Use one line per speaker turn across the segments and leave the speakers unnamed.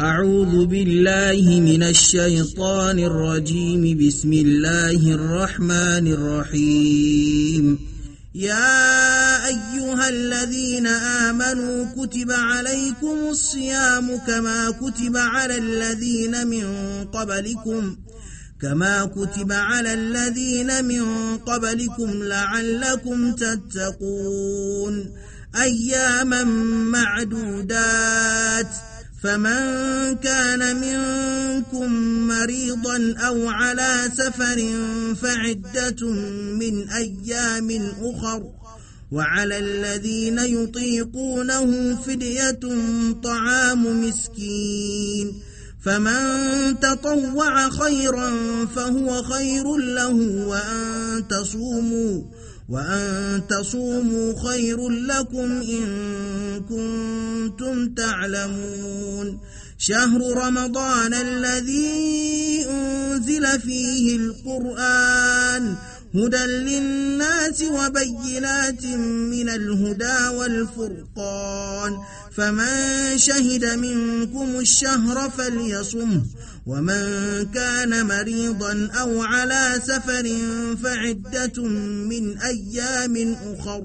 أعوذ بالله من الشيطان الرجيم بسم الله الرحمن الرحيم يا أيها الذين آمنوا كتب عليكم الصيام كما كتب على الذين من قبلكم كما كتب على الذين من قبلكم لعلكم تتقون أياما معدودات فمن كان منكم مريضا أو على سفر فعدة من أيام أخر وعلى الذين يطيقونه فدية طعام مسكين فمن تطوع خيرا فهو خير له وأن تصوموا وأن تصوموا خير لكم إن كنتم تعلمون شهر رمضان الذي أنزل فيه القرآن هدى للناس وبينات من الهدى والفرقان فمن شهد منكم الشهر فليصمه ومن كان مريضا أو على سفر فعدة من أيام أخر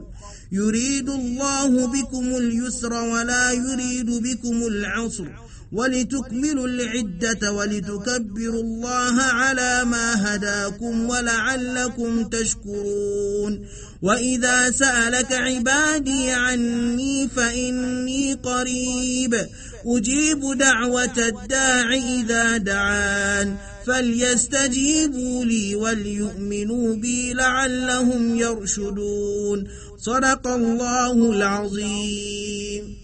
يريد الله بكم اليسر ولا يريد بكم العسر ولتكملوا العدة ولتكبروا الله على ما هداكم ولعلكم تشكرون وإذا سألك عبادي عني فإني قريب أجيب دعوة الداع إذا دعا دعان فليستجيبوا لي وليؤمنوا بي لعلهم يرشدون صدق الله العظيم